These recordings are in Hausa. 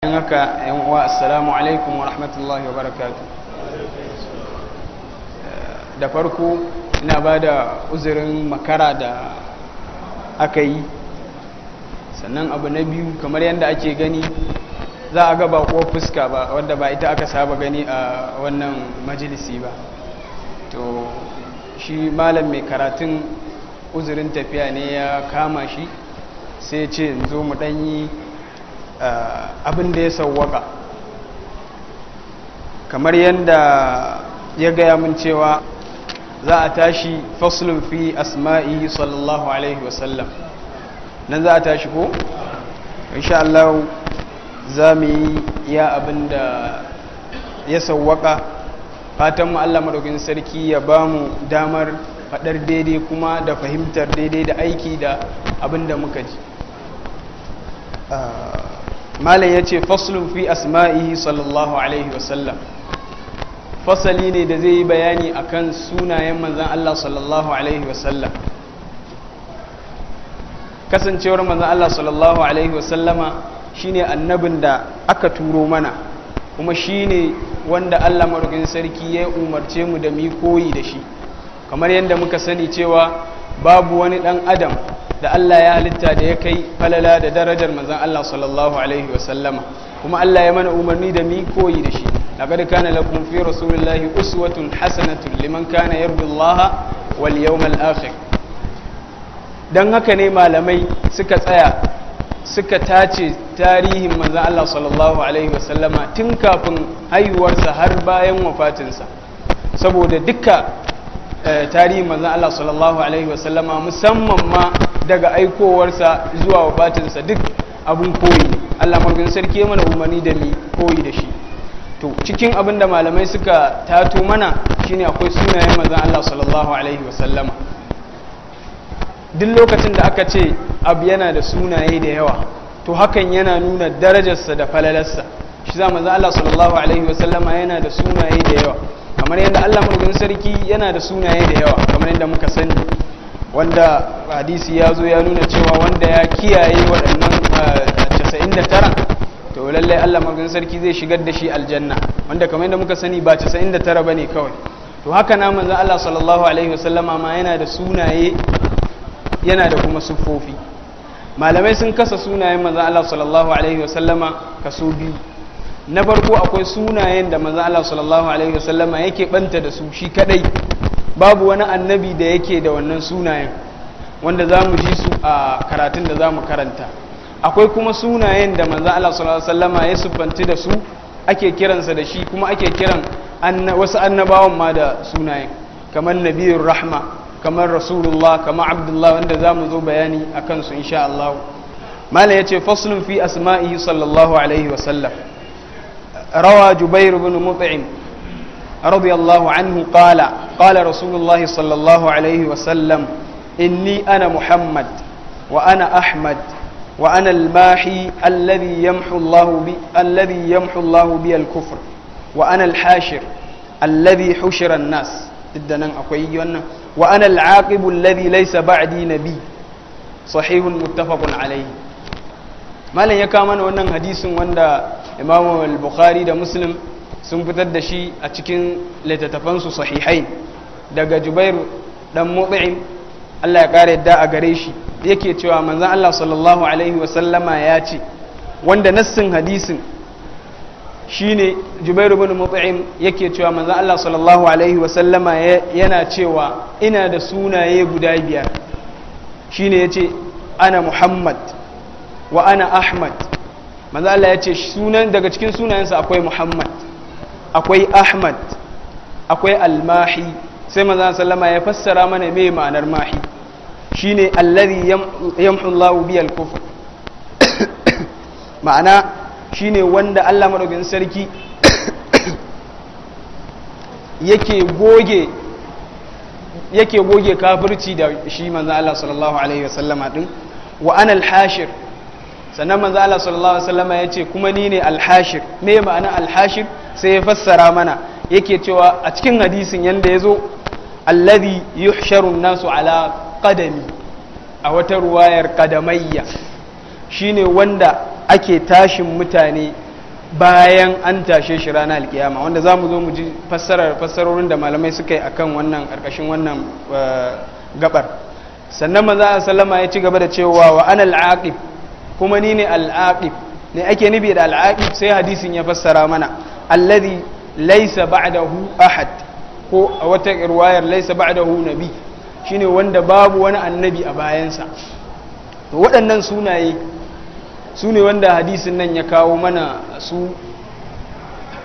yan haka yan uwa assalamu alaikum wa rahmatullahi wa barakatu da farko ina ba da uzurin makara da aka yi sannan abu na biyu kamar yadda ake gani za a gaba ko fuska ba wadda ba ita aka saba gani a wannan majalisi ba to shi malam mai karatun uzurin tafiya ne ya kama shi sai ce zo mu ɗanyi Eh, abin da ya sauwaka kamar yadda ya gaya min cewa za a tashi faslun fi asma'i sallallahu alaihi wasallam nan za a tashi ko? insha Allah za mu yi ya abin da ya sauwaka fatanmu Allah maɗaukin sarki ya ba mu damar faɗar daidai kuma da fahimtar daidai da aiki da abin da muka ji ah, malam ya ce faslun fi asma'ihi sallallahu alaihi wasallam fasali ne da zai yi bayani a kan sunayen manzan Allah sallallahu alaihi wasallam kasancewar manzan Allah sallallahu alaihi wasallama ne annabin da aka turo mana kuma shi ne wanda Allah marugin sarki ya umarce mu da mu koyi da shi kamar yadda muka sani cewa babu wani ɗan adam da Allah ya halitta da ya kai falala da darajar manzon Allah sallallahu alaihi wasallama kuma Allah ya mana umarni da mi koyi da shi laqad kana lakum fi rasulillahi uswatun hasanatun liman kana yarju Allah wal yawmal akhir dan haka ne malamai suka tsaya suka tace tarihin manzon Allah sallallahu alaihi wasallama tun kafin haihuwarsa har bayan wafatinsa saboda duka. Eh, tarihin manzan Allah sallallahu alaihi wasallama musamman ma daga aikowarsa zuwa wabatinsa duk abin koyi Allah magin sarki mana umarni da mi koyi da shi to cikin abin da malamai suka tato mana shine akwai sunayen manzan Allah sallallahu alaihi wasallama duk lokacin da aka ce abu yana da sunaye da yawa to hakan yana nuna darajarsa da falalarsa shi za manzan Allah sallallahu alaihi wasallama yana da sunaye da yawa kamar yadda Allah madaukakin sarki yana da sunaye da yawa kamar yadda muka sani wanda hadisi ya zo ya nuna cewa wanda ya kiyaye waɗannan 99 eh, to lallai Allah madaukakin sarki zai shigar da shi aljanna wanda kamar yadda muka sani ba 99 ne kawai to haka na manzon Allah sallallahu alaihi wasallama ma yana da sunaye yana da kuma sufofi malamai sun kasa sunayen manzon Allah sallallahu alaihi wasallama kaso biyu na farko akwai sunayen da manzo Allah sallallahu alaihi wasallama yake banta da su shi kadai babu wani annabi da yake da wannan sunayen wanda za mu ji su a karatun da za mu karanta akwai kuma sunayen da manzo Allah sallallahu alaihi ya siffanci da su ake kiransa da shi kuma ake kiran wasu annabawan ma da sunayen kamar nabiyur rahma kamar rasulullah kamar abdullah wanda za mu zo bayani a kansu insha Allah mala ya ce faslun fi asma'i sallallahu alaihi wasallam روى جبير بن مطعم رضي الله عنه قال قال رسول الله صلى الله عليه وسلم إني أنا محمد وأنا أحمد وأنا الماحي الذي يمحو الله بي الذي يمحو الله بي الكفر وأنا الحاشر الذي حشر الناس إدنا أقوي وأنا العاقب الذي ليس بعدي نبي صحيح متفق عليه malam ya kawo mana wannan hadisin wanda imamu al-bukhari da muslim sun fitar da shi a cikin littattafansu sahihai daga jubair dan mutsi'in Allah ya kare yadda a gare shi yake cewa manzan Allah sallallahu alaihi wasallama ya ce wanda nassin hadisin shine jubairu bin mutsi'in yake cewa manzan Allah sallallahu alaihi wasallama yana cewa ina da sunaye guda biyar shine yace ana muhammad wa ana ahmad manzo Allah ya ce sunan daga cikin sunayensa akwai muhammad akwai ahmad akwai almahi sai manzo sallama ya fassara mana me ma'anar mahi shine allazi yamhu Allah bi al-kufr ma'ana shine wanda Allah madaukakin sarki yake goge yake goge kafirci da shi manzo Allah sallallahu alaihi wasallama din wa ana al-hashir sannan manzo Allah sallallahu alaihi wasallam ya ce kuma ni ne alhashir me ma'ana alhashir sai ya fassara mana yake cewa a cikin hadisin yanda yazo alladhi yuhsharu nasu ala qadami a wata ruwayar qadamayya shine wanda ake tashin mutane bayan an tashe shi ranar alkiyama wanda za mu zo mu ji fassarar fassarorin da malamai suka yi akan wannan karkashin wannan eh, gabar sannan maza a ya ci gaba da cewa wa anal aqib kuma ni ne al'aqib ne ake nufi da al'aqib sai hadisin ya fassara mana alladhi laysa ba'dahu ahad ko a wata irwayar laysa ba'dahu nabi shine wanda babu wani annabi a bayansa to waɗannan sunaye su ne wanda hadisin nan ya kawo mana su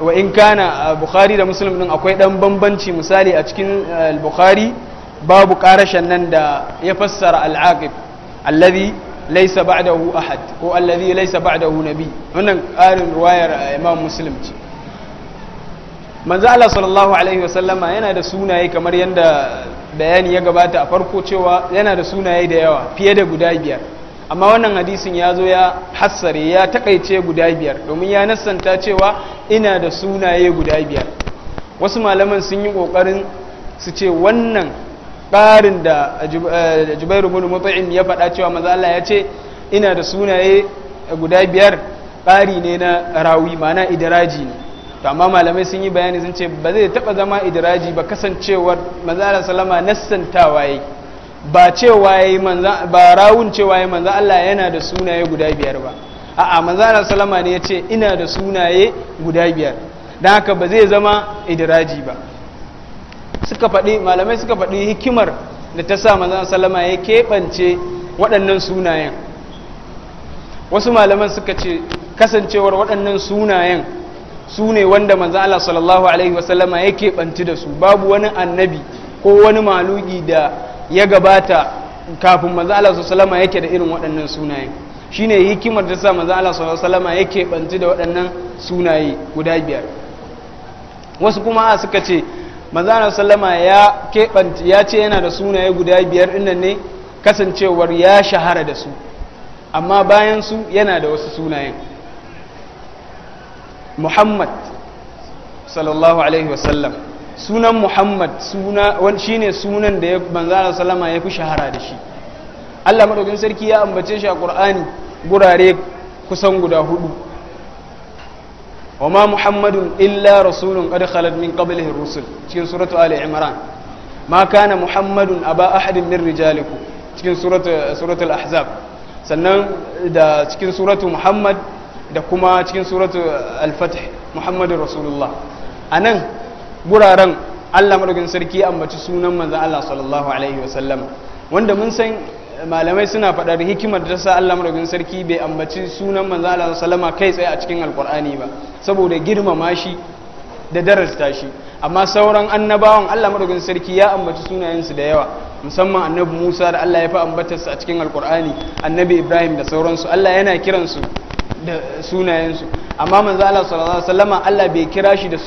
wa in kana a bukhari da muslim din akwai dan bambanci misali a cikin eh, bukhari babu karashen nan da ya fassara al'aqib alladhi laisa ba'dahu ahad ko allazi laisa ba'dahu nabi wannan ƙarin ruwayar imam muslim ce manzo Allah sallallahu alaihi sallama yana da sunaye kamar yadda bayani ya gabata a farko cewa yana da sunaye da yawa fiye da guda biyar amma wannan hadisin ya zo ya hassare ya takaice guda biyar domin ya nassanta cewa ina da sunaye guda biyar wasu malaman sun yi kokarin su ce wannan barin da eh, jubairu bin mutu'im ya faɗa cewa manzo Allah ya ce ina da sunaye guda biyar bari ne na rawi mana idiraji ne to amma malamai sun yi bayani sun ce ba zai taɓa zama idiraji ba kasancewar manzo Allah sallama nassantawa waye ba cewa yayi manzo ba rawun cewa yayi manzo Allah yana da sunaye guda biyar ba a'a manzo Allah sallama ne ya ce ina da sunaye guda biyar dan haka ba zai zama idiraji ba suka faɗi malamai suka faɗi hikimar da ta sa manzon sallama ya keɓance waɗannan sunayen wasu malaman suka ce kasancewar waɗannan sunayen su ne wanda manzon Allah sallallahu alaihi wasallama ya keɓanci da su babu wani annabi ko wani maluki da ya gabata kafin manzon Allah sallallahu alaihi yake da irin waɗannan sunayen shine hikimar da sa manzon Allah sallallahu alaihi ya keɓanci da waɗannan sunaye guda biyar wasu kuma suka ce manzana sallama ya keɓanta ya ce yana da sunaye guda biyar dinnan ne kasancewar ya shahara da su amma bayan su yana da wasu sunayen muhammad sallallahu alaihi wasallam sunan muhammad shi ne sunan da manzana sallama ya fi shahara da shi allah maɗaukin sarki ya ambace shi a ƙur'ani gurare kusan guda hudu wa ma muhammadun illa rasulun qad khalat min qablihi rusul cikin suratu ali imran ma kana muhammadun aba ahadin min rijalikum cikin suratul ahzab sannan da cikin suratu muhammad da kuma cikin suratu al-fatih muhammadun rasulullah a nan guraren allah madaukin sarki ambaci sunan maza allah sallallahu alaihi wasallam wanda mun san malamai suna faɗar hikimar da sa Allah madaukakin sarki bai ambaci sunan manzo Allah sallama kai tsaye a cikin alqur'ani ba saboda girmama shi da darasta shi amma sauran annabawan Allah madaukakin sarki ya ambaci sunayensu da yawa musamman annabi Musa da Allah ya fi su a cikin alqur'ani annabi Ibrahim da sauransu Allah yana kiransu da sunayensu amma manzo Allah sallallahu alaihi wasallama Allah bai kira shi da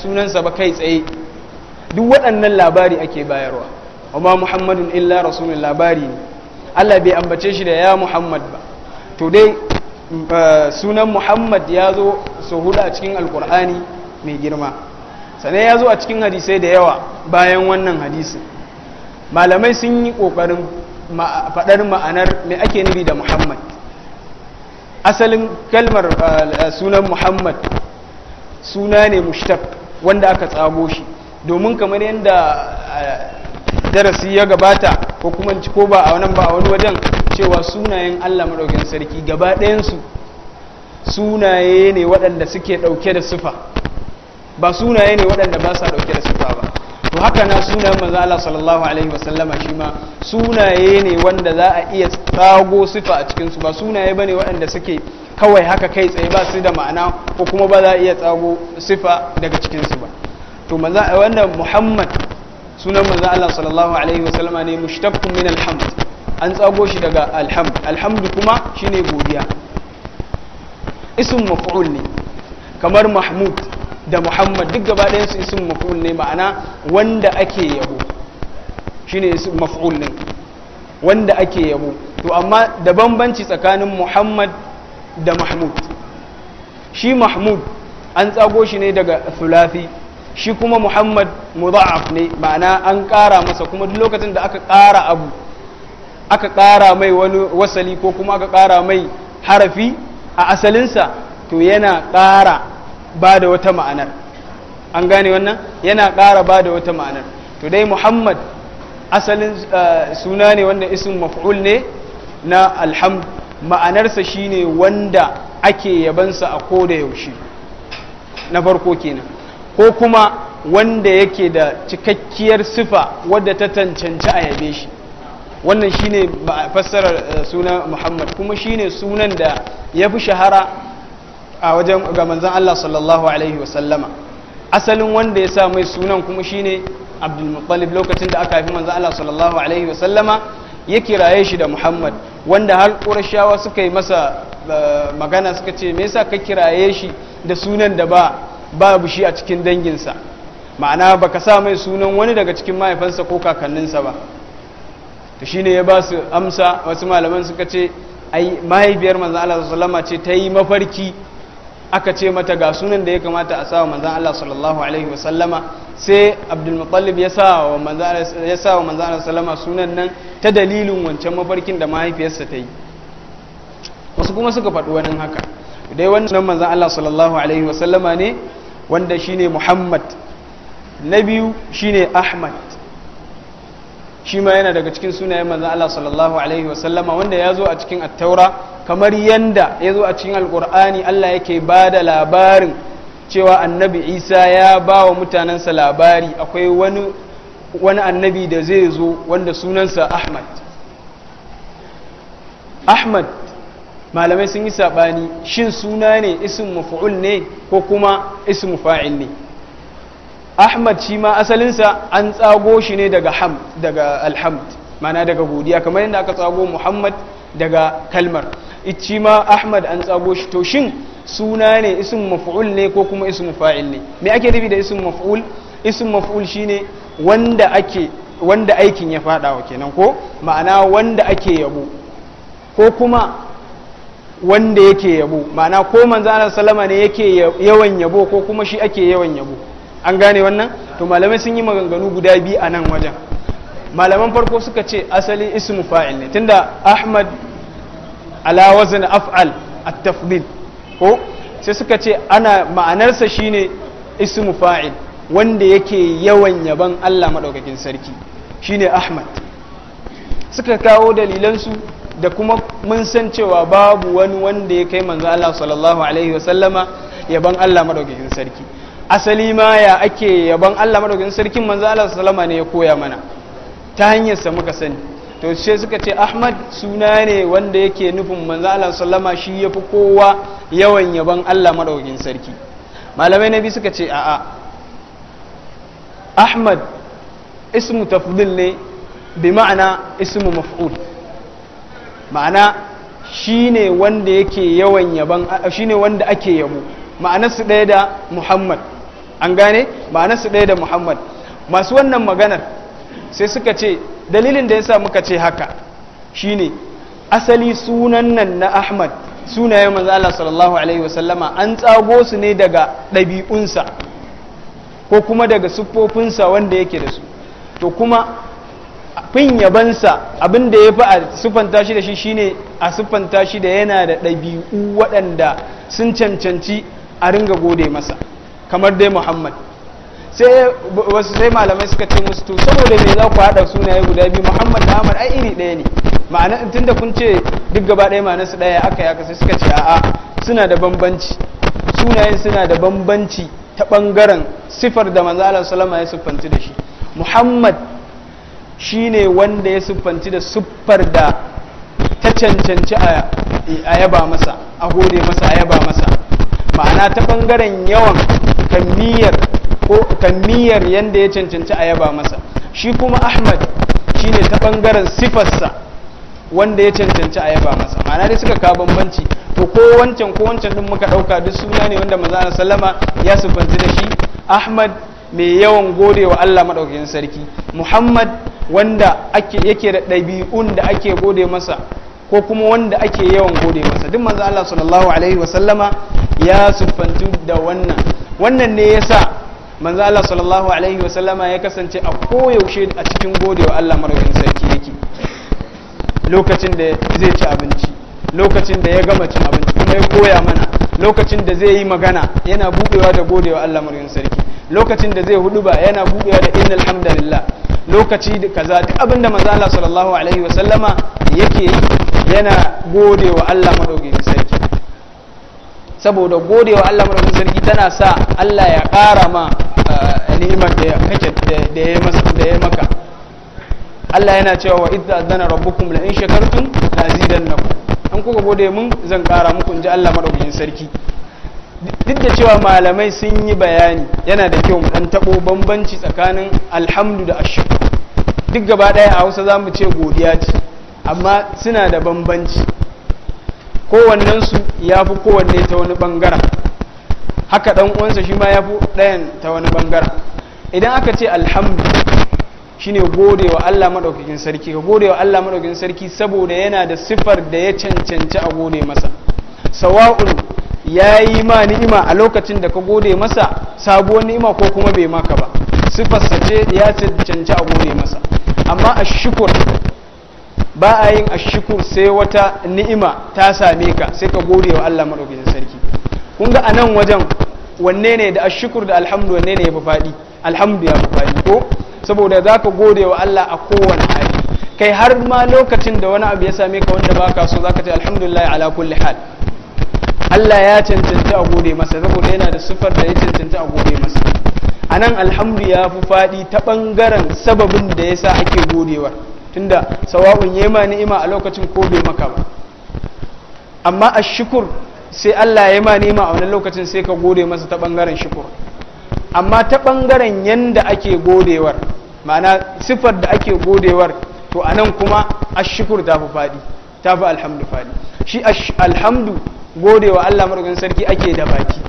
sunansa ba kai tsaye duk waɗannan labari ake bayarwa amma Muhammadun illa rasulun labari ne Allah bai ambace shi da ya Muhammad ba to dai mm, sunan Muhammad ya zo su hudu a cikin alkur'ani mai girma sannan ya zo a cikin hadisai da yawa bayan wannan hadisin malamai sun yi ƙoƙarin faɗar ma'anar mai ake nufi da Muhammad asalin kalmar eh, sunan Muhammad suna ne mushtaq wanda aka tsago shi domin kamar yadda eh, darasi ya gabata ko kuma ko ba a nan ba a wani wajen cewa sunayen Allah madaukakin sarki gaba ɗayansu sunaye ne waɗanda suke ɗauke da sifa ba sunaye ne waɗanda ba sa ɗauke da sifa ba to haka na sunayen manzo Allah sallallahu alaihi wasallama shi ma sunaye ne wanda za a iya tsago sifa a cikin su ba sunaye bane waɗanda suke kawai haka kai tsaye ba su da ma'ana ko kuma ba za a iya tsago sufa daga cikin su ba to manzo wanda Muhammad sunan manzo Allah sallallahu alaihi wasallama ne mushtaqqun min alhamd an tsago shi daga alhamd alhamdu kuma shine godiya ism maf'ul ne kamar mahmud da muhammad duk gaba ɗayan su ism maf'ul ne ma'ana wanda ake yabo shine ism maf'ul ne wanda ake yabo to amma da bambanci tsakanin muhammad da mahmud shi mahmud an tsago shi ne daga thulathi shi kuma muhammad muza'af ne ma'ana an ƙara masa kuma duk lokacin da aka ƙara abu aka ƙara mai wani wasali ko kuma aka ƙara mai harafi a asalinsa to yana ƙara ba da wata ma'anar an gane wannan yana ƙara ba da wata ma'anar to dai muhammad asalin eh, suna ne wanda isin maf'ul ne na alhamd ma'anarsa shine wanda ake yabansa a ko da yaushe na farko kenan ko kuma wanda yake da cikakkiyar sifa wadda ta tancanci a yabe shi wannan shine fassarar eh, sunan muhammad kuma shine sunan da ya fi shahara a wajen ga manzan allah sallallahu alaihi wasallama asalin wanda ya sa mai sunan kuma shine abdulmuttalib lokacin da aka haifi manzan allah sallallahu alaihi wasallama ya kiraye shi da muhammad wanda har ƙurashawa suka yi masa eh, magana suka ce me yasa ka kiraye shi da sunan da ba babu shi a cikin danginsa ma'ana ba ka sa mai sunan wani daga cikin mahaifansa ko kakanninsa ba to ne ya ba su amsa wasu malaman suka ce ai mahaifiyar manzan Allah sallama ce ta yi mafarki aka ce mata ga sunan da ya kamata a sawa manzan Allah sallallahu alaihi wasallama sai Abdul Muttalib ya sa wa manzan ya Allah sallama sunan nan ta dalilin wancan mafarkin da mahaifiyarsa ta yi wasu kuma suka faɗi wani haka dai wannan manzan Allah sallallahu alaihi wasallama ne wanda shi ne muhammad na biyu ne ahmad shi ma yana daga cikin sunayen manzan Allah sallallahu alaihi wasallama wanda ya zo a cikin attaura kamar yanda ya zo a cikin alkur'ani Allah yake ba da labarin cewa annabi isa ya ba wa mutanensa labari akwai wani wani annabi da zai zo wanda sunansa ahmad ahmad malamai sun yi saɓani shin suna ne isin mafa'ul ne ko kuma isin fa'il ne ahmad shi ma asalinsa an tsago shi ne daga ham daga alhamd mana daga godiya kamar yadda aka tsago muhammad daga kalmar ichi ma ahmad an tsago shi to shin suna ne isin mafa'ul ne ko kuma isin fa'il ne me ake nufi da isin mafa'ul isin mafu'ul shine wanda wanda aikin ya fada kenan ko ma'ana wanda ake yabo ko kuma wanda yake yabo ma'ana ko manzo Allah sallama ne yake yawan yabo ko kuma shi ake yawan yabo an gane wannan to malamai sun yi maganganu guda biyu a nan wajen malaman farko suka ce asali ismu fa'il ne tunda ahmad ala wazn af'al at-tafdil ko sai suka ce ana ma'anarsa shine ismu fa'il wanda yake yawan yaban Allah madaukakin sarki shine ahmad suka kawo dalilan su da kuma mun san cewa babu wani wanda ya kai manzo Allah sallallahu alaihi sallama yaban Allah madaukakin sarki asali ma ya ake yaban Allah madaukakin sarki manzo Allah sallama ne ya koya mana ta hanyar sa muka sani to sai suka ce Ahmad suna ne wanda yake nufin manzo Allah sallama shi yafi kowa yawan yaban Allah madaukakin sarki malamai nabi suka ce a'a Ahmad ismu tafdil ne bi ma'ana ismu maf'ul ma'ana shine wanda yake yawan yaban shine wanda ake yabo ma'ana su ɗaya da Muhammad an gane ma'ana su ɗaya da Muhammad masu wannan maganar sai suka ce dalilin da yasa muka ce haka shine asali sunan nan na Ahmad sunayen manzo Allah sallallahu alaihi wasallama an tsago su ne daga ɗabi'unsa ko kuma daga siffofinsa wanda yake da su to kuma fin yabansa abin da ya fi a siffanta shi da shi shine a siffanta shi da yana da ɗabi'u waɗanda sun cancanci a ringa gode masa kamar dai muhammad sai malamai suka ce musu to saboda me za ku haɗa sunaye guda biyu muhammad da ahmad ai iri ɗaya ne ma'ana da kun ce duk gaba ɗaya ma'ana su ɗaya aka yaka sai suka ce a'a suna da bambanci sunayen suna da bambanci ta ɓangaren siffar da manzo salama salama ya siffanci da shi muhammad Shi ne wanda ya siffanci da siffar da ta cancanci a yaba masa a gode masa a yaba masa ma'ana ta ɓangaren yawan kammiyar yadda ya cancanci a yaba masa shi kuma ahmad shi ne ta ɓangaren sifarsa wanda ya cancanci a yaba masa ma'ana dai suka kawo bambanci to ko wancan ko wancan din muka ɗauka duk suna ne wanda maza sallama ya siffanci da shi ahmad mai yawan gode wa Allah maɗaukakin sarki Muhammad wanda ake yake da ɗabi'un da ake gode masa ko kuma wanda ake yawan gode masa duk manzo Allah sallallahu alaihi wa sallama ya siffantu da wannan wannan ne yasa manzo Allah sallallahu alaihi wa sallama ya kasance a koyaushe a cikin gode wa Allah maɗaukakin sarki yake lokacin da zai ci abinci lokacin da ya gama cin abinci kuma ya koya mana lokacin da zai yi magana yana buɗewa da gode wa Allah maɗaukakin sarki lokacin da zai hudu ba yana buɗewa da inna alhamdulillah lokaci da kaza duk abin da manzo Allah sallallahu alaihi wa sallama yake yi yana godewa Allah madaukakin sarki saboda godewa Allah madaukakin sarki tana sa Allah ya ƙara ma eh, ni'imar da kake da ya masa da ya maka Allah yana cewa wa idza adana rabbukum la in shakartum la zidannakum an kuka gode mun zan ƙara muku inji Allah madaukakin sarki duk da cewa malamai sun yi bayani yana da kyau dan tabo bambanci tsakanin alhamdu da ashiru duk gaba daya a Hausa mu ce godiya ce amma suna da bambanci kowannensu su fi kowanne ta wani bangara haka dan uwansa shi ma fi ɗayan ta wani bangara idan aka ce alhamdu shi ne gode wa Allah maɗaukakin sarki ka gode wa Allah maɗaukakin sarki saboda yana da siffar da ya cancanci a gode masa sawa'un ya yi ma ni'ima a lokacin da ka gode masa sabuwar ni'ima ko kuma bai maka ba siffarsa ce ya cancanci a gode masa amma a shukur ba a yin a shukur sai wata ni'ima ta same ka sai ka gode wa Allah maɗaukacin sarki kun ga a nan wajen wanne ne da a shukur da alhamdu wanne ne ya fi faɗi alhamdu ya fi faɗi ko saboda za ka gode wa Allah a kowane hali kai har ma lokacin da wani abu ya same ka wanda baka so za ka ce alhamdulillah ala kulli hal Allah ya cancanta a gode masa saboda yana da sufar da ya cancanta a gode masa a nan alhamdu ya fi faɗi ta ɓangaren sababin da ya sa ake godewa tunda sawa'un ya ma ni'ima a lokacin ko bai maka ba amma a shukur sai Allah ya ma ni'ima a wani lokacin sai ka gode masa ta ɓangaren shukur amma ta ɓangaren yanda ake godewar ma'ana sifar da ake godewar to a nan kuma shukur ta fi faɗi ta fi alhamdu faɗi shi alhamdu godewa Allah marugin sarki ake da baki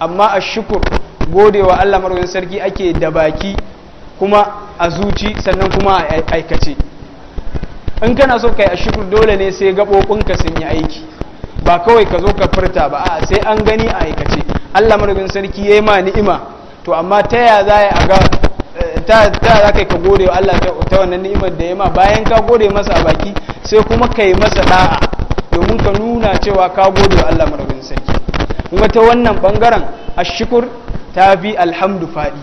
amma a shukur godewa Allah marugin sarki ake da baki kuma a zuci sannan kuma a aikace in kana so kai a shukur dole ne sai gaɓoɓinka sun yi aiki ba kawai ka zo ka furta ba a sai an gani a aikace Allah marugin sarki ya yi ma ni'ima to amma ta ya za a ga eh, ta za ka gode wa Allah ta wannan ni'imar da ya ma bayan ka gode masa a baki sai kuma ka yi masa da'a domin ka nuna cewa ka gode wa Allah marabin sarki kuma ta wannan bangaren ashukur ta bi alhamdu fadi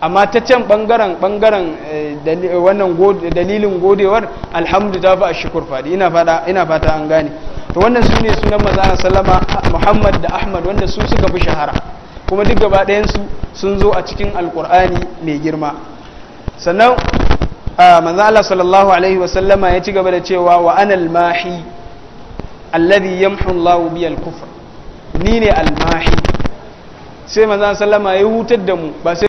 amma ta can bangaren bangaren eh, wannan dalilin godewar alhamdu ta fi ashukur fadi ina fata an gane to wannan su ne sunan maza sallama Muhammad da Ahmad wanda su suka fi shahara kuma duk gaba ɗayan sun zo a cikin alkur'ani mai girma sannan ah, manzo Allah sallallahu alaihi wasallama ya ci gaba da cewa wa anal mahi alladhi yamhu Allahu bi al-kufr ni ne al-mahi sai manzon sallama ya hutar da mu ba sai